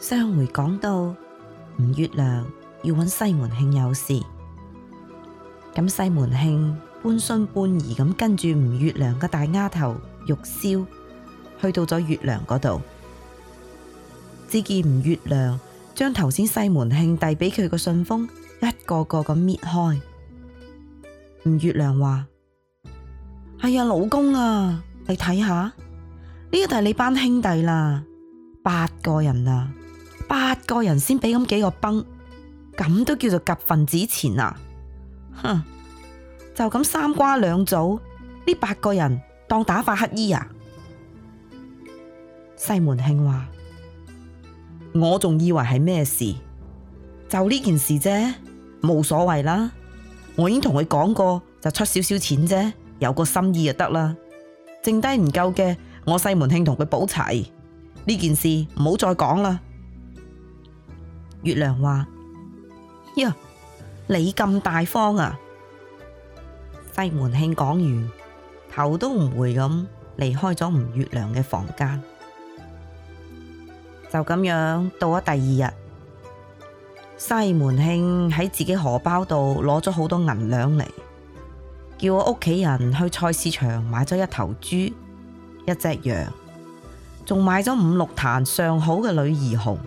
上回講到吳月娘要揾西門慶有事，咁西門慶半信半疑咁跟住吳月娘嘅大丫頭玉簫去到咗月娘嗰度，只見吳月娘將頭先西門慶遞俾佢嘅信封一個個咁搣開。吳月娘話：係、哎、呀，老公啊，你睇下呢個就係你班兄弟啦，八個人啊！八個人先俾咁幾個崩，咁都叫做夾份子錢啊！哼，就咁三瓜兩棗，呢八個人當打發乞兒啊！西門慶話：我仲以為係咩事，就呢件事啫，冇所謂啦。我已經同佢講過，就出少少錢啫，有個心意就得啦。剩低唔夠嘅，我西門慶同佢補齊。呢件事唔好再講啦。月亮話：哎呀，你咁大方啊！西門慶講完，頭都唔回咁離開咗吳月亮嘅房間。就咁樣，到咗第二日，西門慶喺自己荷包度攞咗好多銀兩嚟，叫我屋企人去菜市場買咗一頭豬、一隻羊，仲買咗五六壇上好嘅女兒紅。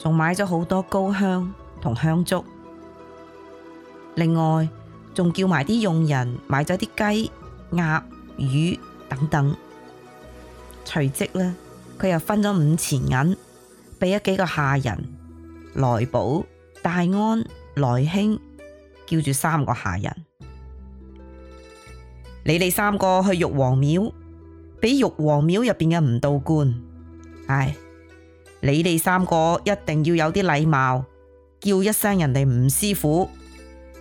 仲買咗好多高香同香燭，另外仲叫埋啲傭人買咗啲雞、鴨、魚等等。隨即呢，佢又分咗五錢銀俾咗幾個下人，來寶、大安、來興，叫住三個下人。你哋三個去玉皇廟，俾玉皇廟入邊嘅吳道觀，唉。你哋三個一定要有啲禮貌，叫一聲人哋吳師傅，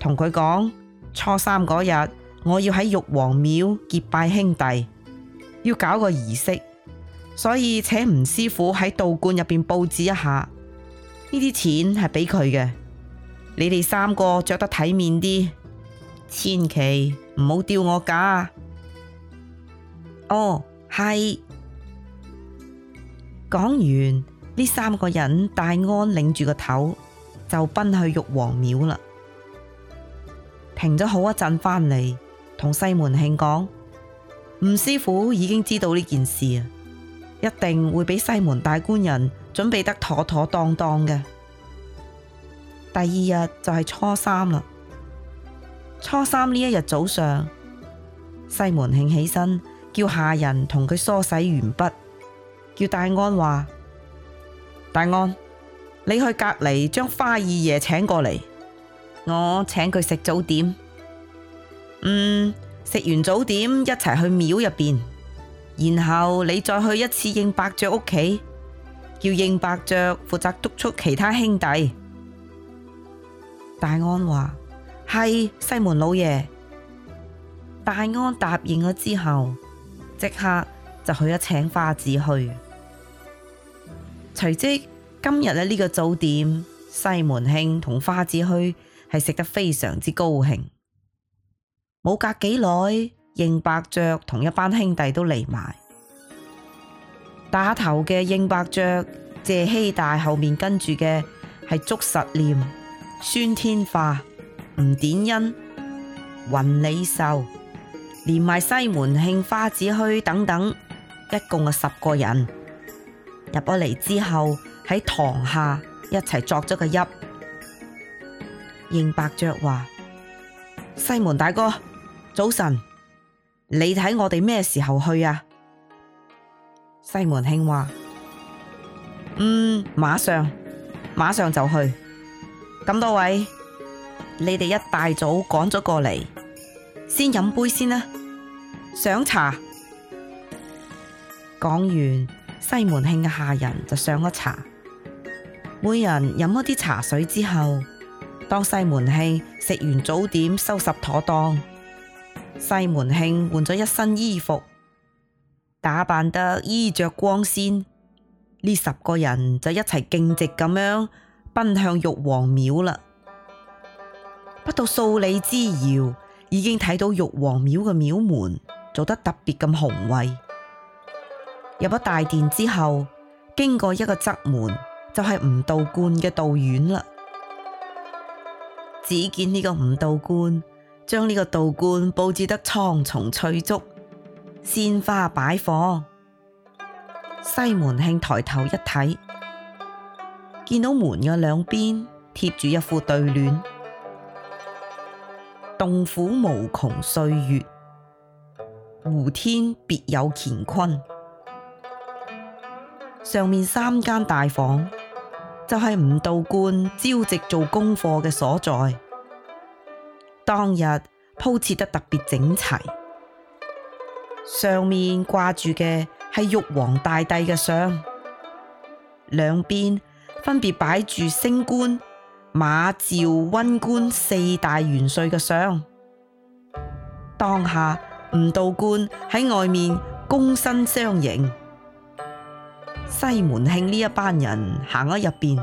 同佢講初三嗰日我要喺玉皇廟結拜兄弟，要搞個儀式，所以請吳師傅喺道觀入邊布置一下。呢啲錢係俾佢嘅，你哋三個着得體面啲，千祈唔好丟我架。哦，係講完。呢三個人大安領住個頭就奔去玉皇廟啦。停咗好一陣，返嚟同西門慶講：吳師傅已經知道呢件事啊，一定會俾西門大官人準備得妥妥當當嘅。第二日就係初三啦。初三呢一日早上，西門慶起身叫下人同佢梳洗完畢，叫大安話。大安，你去隔籬將花二爺請過嚟，我請佢食早點。嗯，食完早點一齊去廟入邊，然後你再去一次應伯爵屋企，叫應伯爵負責督促其他兄弟。大安話，係，西門老爺。大安答應咗之後，即刻就去咗請花子去。隨即今日呢個早點，西門慶同花子虛係食得非常之高興。冇隔幾耐，應伯爵同一班兄弟都嚟埋。打頭嘅應伯爵、謝希大，後面跟住嘅係祝實念、孫天化、吳典恩、雲里秀，連埋西門慶、花子虛等等，一共啊十個人。入咗嚟之後，喺堂下一齊作咗個揖。應伯爵話：西門大哥，早晨，你睇我哋咩時候去啊？西門慶話：嗯，馬上，馬上就去。咁多位，你哋一大早趕咗過嚟，先飲杯先啦，上茶。講完。西門慶嘅下人就上咗茶，每人飲咗啲茶水之後，當西門慶食完早點，收拾妥當，西門慶換咗一身衣服，打扮得衣着光鮮，呢十個人就一齊徑直咁樣奔向玉皇廟啦。不到數里之遙，已經睇到玉皇廟嘅廟門做得特別咁宏偉。入咗大殿之後，經過一個側門，就係、是、吳道觀嘅道院啦。只見呢個吳道觀將呢個道觀布置得蒼松翠竹、鮮花擺放。西門慶抬頭一睇，見到門嘅兩邊貼住一副對聯：“洞府無窮歲月，壺天別有乾坤。”上面三間大房就係、是、吳道觀朝夕做功課嘅所在，當日鋪設得特別整齊，上面掛住嘅係玉皇大帝嘅相，兩邊分別擺住星官、馬趙溫官四大元帥嘅相，當下吳道觀喺外面躬身相迎。西門慶呢一班人行喺入邊，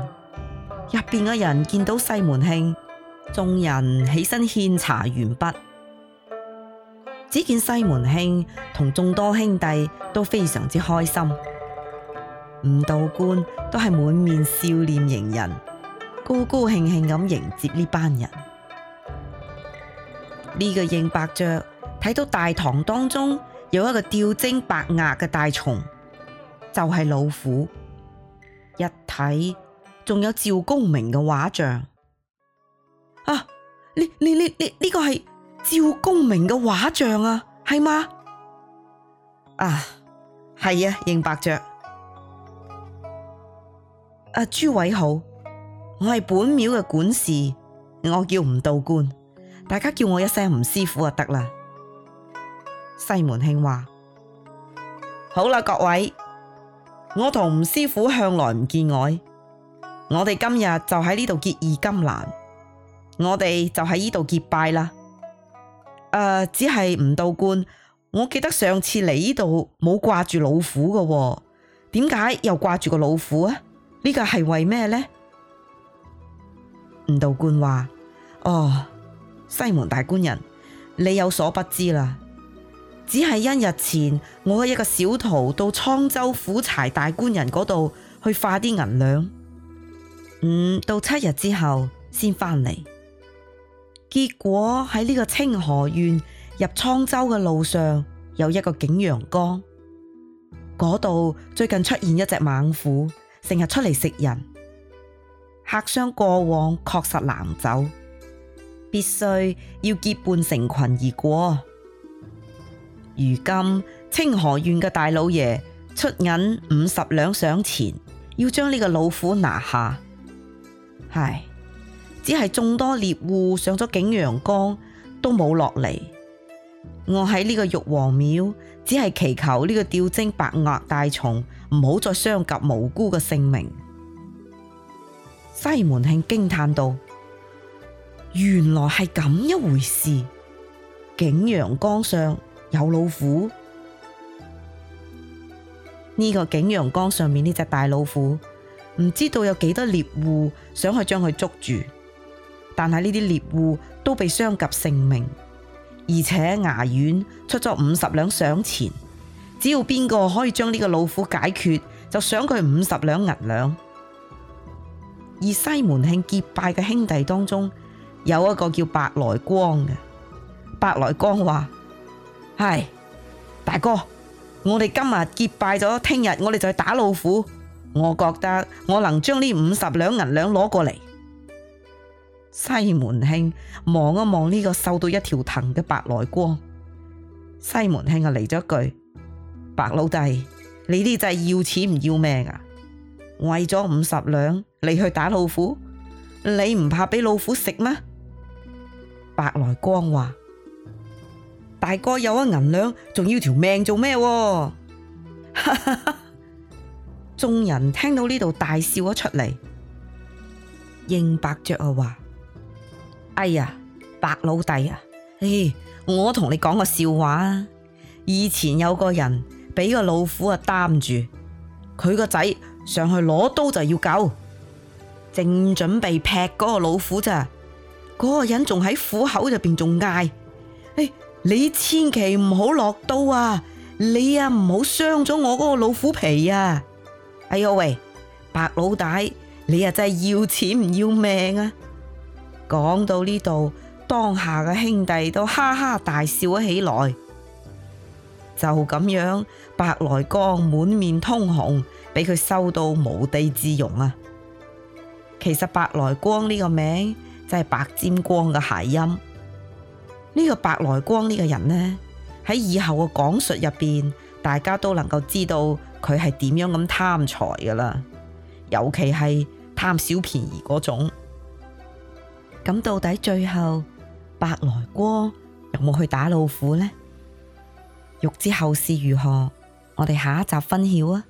入邊嘅人見到西門慶，眾人起身獻茶完畢。只見西門慶同眾多兄弟都非常之開心，吳道官都係滿面笑臉迎人，高高興興咁迎接呢班人。呢、這個應伯爵睇到大堂當中有一個吊睛白額嘅大蟲。就係老虎，一睇仲有趙公明嘅畫像啊！呢呢呢呢呢個係趙公明嘅畫像啊，係嗎？啊，係啊，認白着。啊諸位好，我係本廟嘅管事，我叫吳道官，大家叫我一聲吳師傅啊得啦。西門慶話：好啦，各位。我同吳師傅向來唔見外，我哋今日就喺呢度結義金蘭，我哋就喺呢度結拜啦。誒、呃，只係吳道觀，我記得上次嚟呢度冇掛住老虎嘅、哦，點解又掛住個老虎啊？呢個係為咩呢？吳道觀話：哦，西門大官人，你有所不知啦。只係一日前我一個小徒到滄州府柴大官人嗰度去化啲銀兩，五、嗯、到七日之後先翻嚟。結果喺呢個清河縣入滄州嘅路上，有一個景陽岡，嗰度最近出現一隻猛虎，成日出嚟食人，客商過往確實難走，必須要結伴成群而過。如今清河縣嘅大老爺出銀五十兩上前，要將呢個老虎拿下。唉，只係眾多獵戶上咗景陽岡都冇落嚟。我喺呢個玉皇廟，只係祈求呢個吊睛白額大蟲唔好再傷及無辜嘅性命。西門慶驚嘆道：原來係咁一回事。景陽岡上。有老虎，呢個景陽岡上面呢隻大老虎，唔知道有幾多獵戶想去將佢捉住，但係呢啲獵戶都被傷及性命，而且衙員出咗五十兩賞錢，只要邊個可以將呢個老虎解決，就賞佢五十兩銀兩。而西門慶結拜嘅兄弟當中，有一個叫白來光嘅，白來光話。係大哥，我哋今日結拜咗，聽日我哋就去打老虎。我覺得我能將呢五十兩銀兩攞過嚟。西門慶望一望呢個瘦到一條藤嘅白來光，西門慶就嚟咗一句：白老弟，你呢就係要錢唔要命啊？為咗五十兩，你去打老虎，你唔怕俾老虎食咩？白來光話。大哥有咗銀兩，仲要條命做咩？哈哈，眾人聽到呢度大笑咗出嚟。應伯爵啊話：哎呀，白老弟啊、哎，我同你講個笑話啊。以前有個人俾個老虎啊擔住，佢個仔上去攞刀就要救，正準備劈嗰個老虎咋，嗰、嗰個人仲喺虎口入邊仲嗌：哎！你千祈唔好落刀啊！你啊唔好傷咗我嗰個老虎皮啊！哎喲喂，白老大，你啊真係要錢唔要命啊？講到呢度，當下嘅兄弟都哈哈大笑咗起來。就咁樣，白來光滿面通紅，俾佢羞到無地自容啊！其實白來光呢個名，真係白沾光嘅諧音。呢個白來光呢個人呢，喺以後嘅講述入邊，大家都能夠知道佢係點樣咁貪財噶啦，尤其係貪小便宜嗰種。咁到底最後白來光有冇去打老虎呢？欲知後事如何，我哋下一集分曉啊！